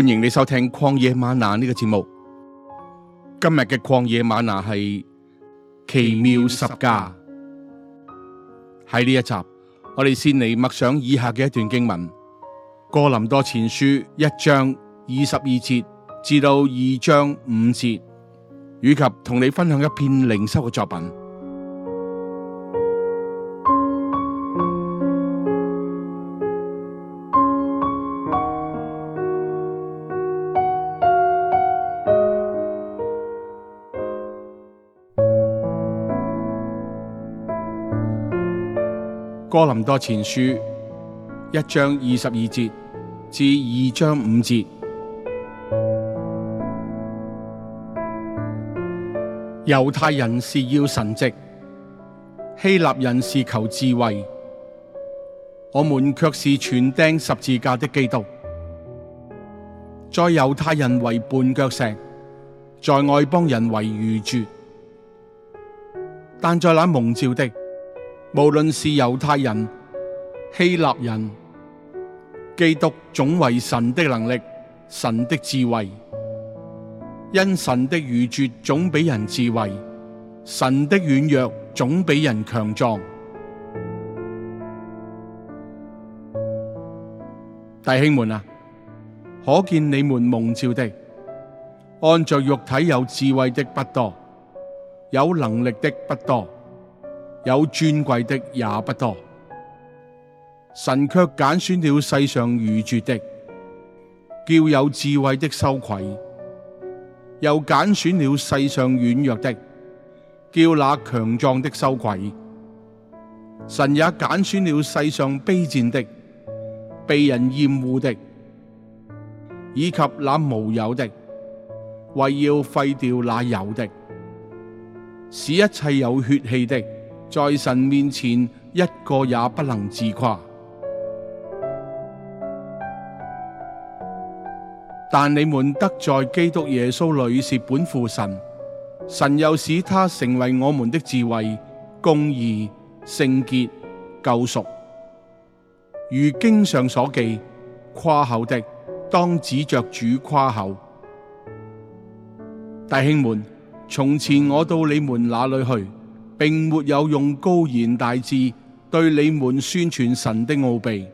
歡迎你收聽《曠野嗎哪》呢個節目。今日嘅《曠野嗎哪》係奇妙十架。喺呢一集，我哋先嚟默想以下嘅一段經文：哥林多前書一章二十二節至到二章五節，以及同你分享一篇靈修嘅作品。哥林多前書一章二十二節至二章五節，猶太人是要神蹟，希臘人是求智慧，我們卻是傳釘十字架的基督。在猶太人為絆腳石，在外邦人為愚拙，但在那蒙召的。無論是猶太人、希臘人，基督總為神的能力、神的智慧，因神的愚拙總比人智慧，神的軟弱總比人強壯。弟兄們啊，可見你們蒙召的，按着肉體有智慧的不多，有能力的不多。有尊貴的也不多，神卻揀選了世上愚拙的，叫有智慧的羞愧；又揀選了世上軟弱的，叫那強壯的羞愧。神也揀選了世上卑賤的、被人厭惡的，以及那無有的，為要廢掉那有的，使一切有血氣的。在神面前，一個也不能自誇。但你們得在基督耶穌裏是本乎神，神又使他成為我們的智慧、公義、聖潔、救贖。如經上所記：誇口的當指着主誇口。弟兄們，從前我到你們那裏去，並沒有用高言大智對你們宣傳神的奧秘，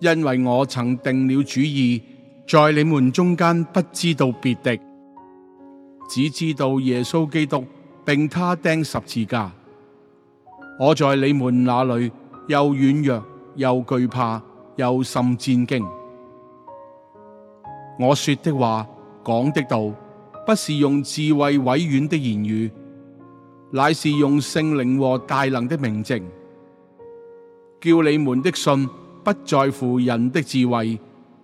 因為我曾定了主意，在你們中間不知道別的，只知道耶穌基督，並他釘十字架。我在你們那裡又軟弱又懼怕又甚戰兢，我說的話講的道，不是用智慧委婉的言語。乃是用聖靈和大能的明證，叫你們的信不在乎人的智慧，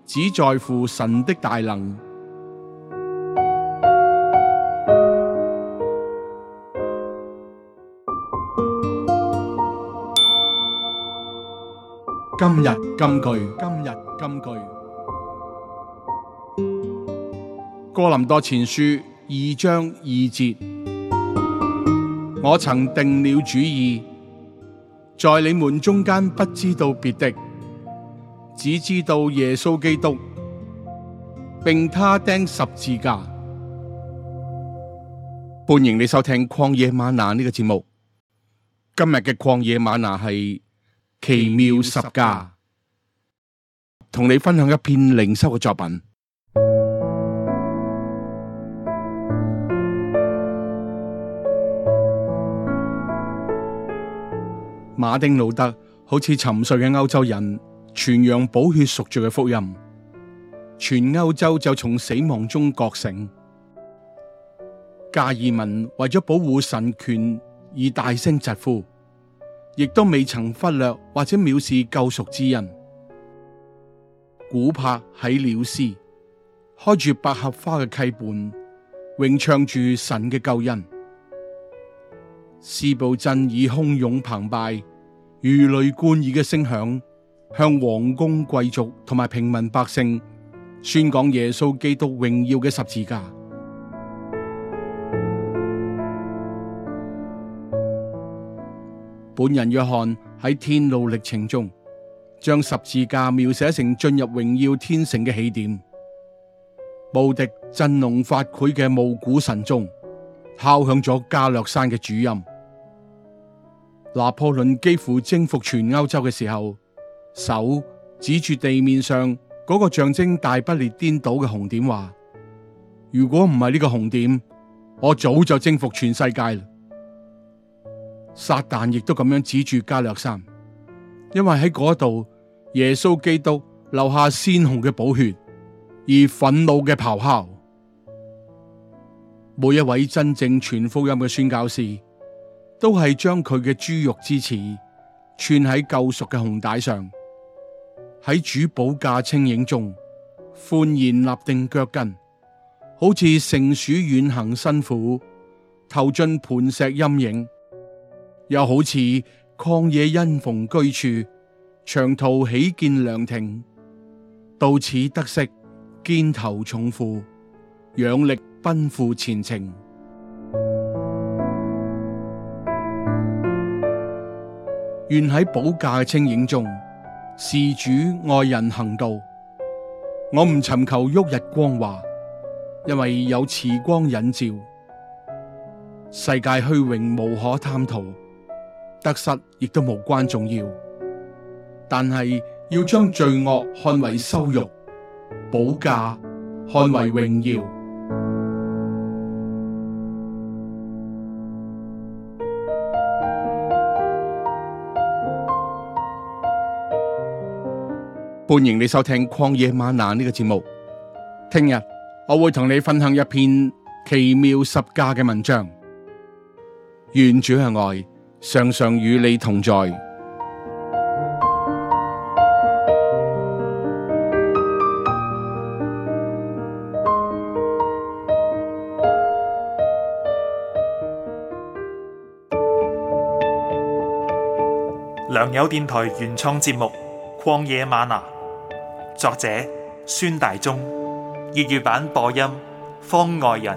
只在乎神的大能。今日金句，今日金句。哥林多前書二章二節。我曾定了主意，在你們中間不知道別的，只知道耶穌基督，並他釘十字架。歡迎你收聽曠野嗎哪呢個節目。今日嘅曠野嗎哪係奇妙十架，同你分享一篇靈修嘅作品。馬丁路德好似沉睡嘅歐洲人，傳揚寶血贖罪嘅福音，全歐洲就從死亡中覺醒。加爾文為咗保護神權而大聲疾呼，亦都未曾忽略或者藐視救贖之恩。古柏喺鳥市開住百合花嘅溪畔，詠唱住神嘅救恩。司布真已洶湧澎，澎湃。如雷貫耳嘅聲響，向王公貴族同埋平民百姓宣講耶穌基督榮耀嘅十字架。本仁約翰喺天路歷程中，將十字架描寫成進入榮耀天城嘅起點。無敵震聾發聵嘅暮鼓晨鐘敲響咗加略山嘅主音。拿破崙幾乎征服全歐洲嘅時候，手指住地面上嗰個象徵大不列顛島嘅紅點，話：如果唔係呢個紅點，我早就征服全世界了！撒旦亦都咁樣指住加略山，因為喺嗰度耶穌基督留下鮮紅嘅寶血，而憤怒嘅咆哮。每一位真正傳福音嘅宣教士。都係將佢嘅豬肉之刺串喺舊熟嘅紅帶上，喺主寶架清影中，歡然立定腳跟，好似成鼠遠行辛苦，投進磐石陰影；又好似曠野因逢居處，長途喜見涼亭，到此得悉肩頭重負，仰力奔赴前程。願喺寶架嘅清影中，事主愛人行道。我唔尋求旭日光華，因為有慈光引照。世界虛榮無可貪圖，得失亦都無關重要。但係要將罪惡看為羞辱，寶架看為榮耀。歡迎你收聽曠野嗎哪呢、這個節目。聽日我會同你分享一篇奇妙十架嘅文章。願主嘅愛，常常與你同在。良友電台原創節目《曠野嗎哪》。作者：孫大中，粵語版播音：方外人。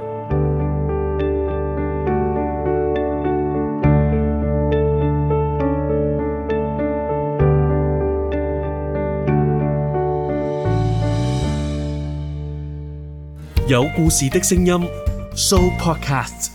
有故事的聲音，Show Podcast。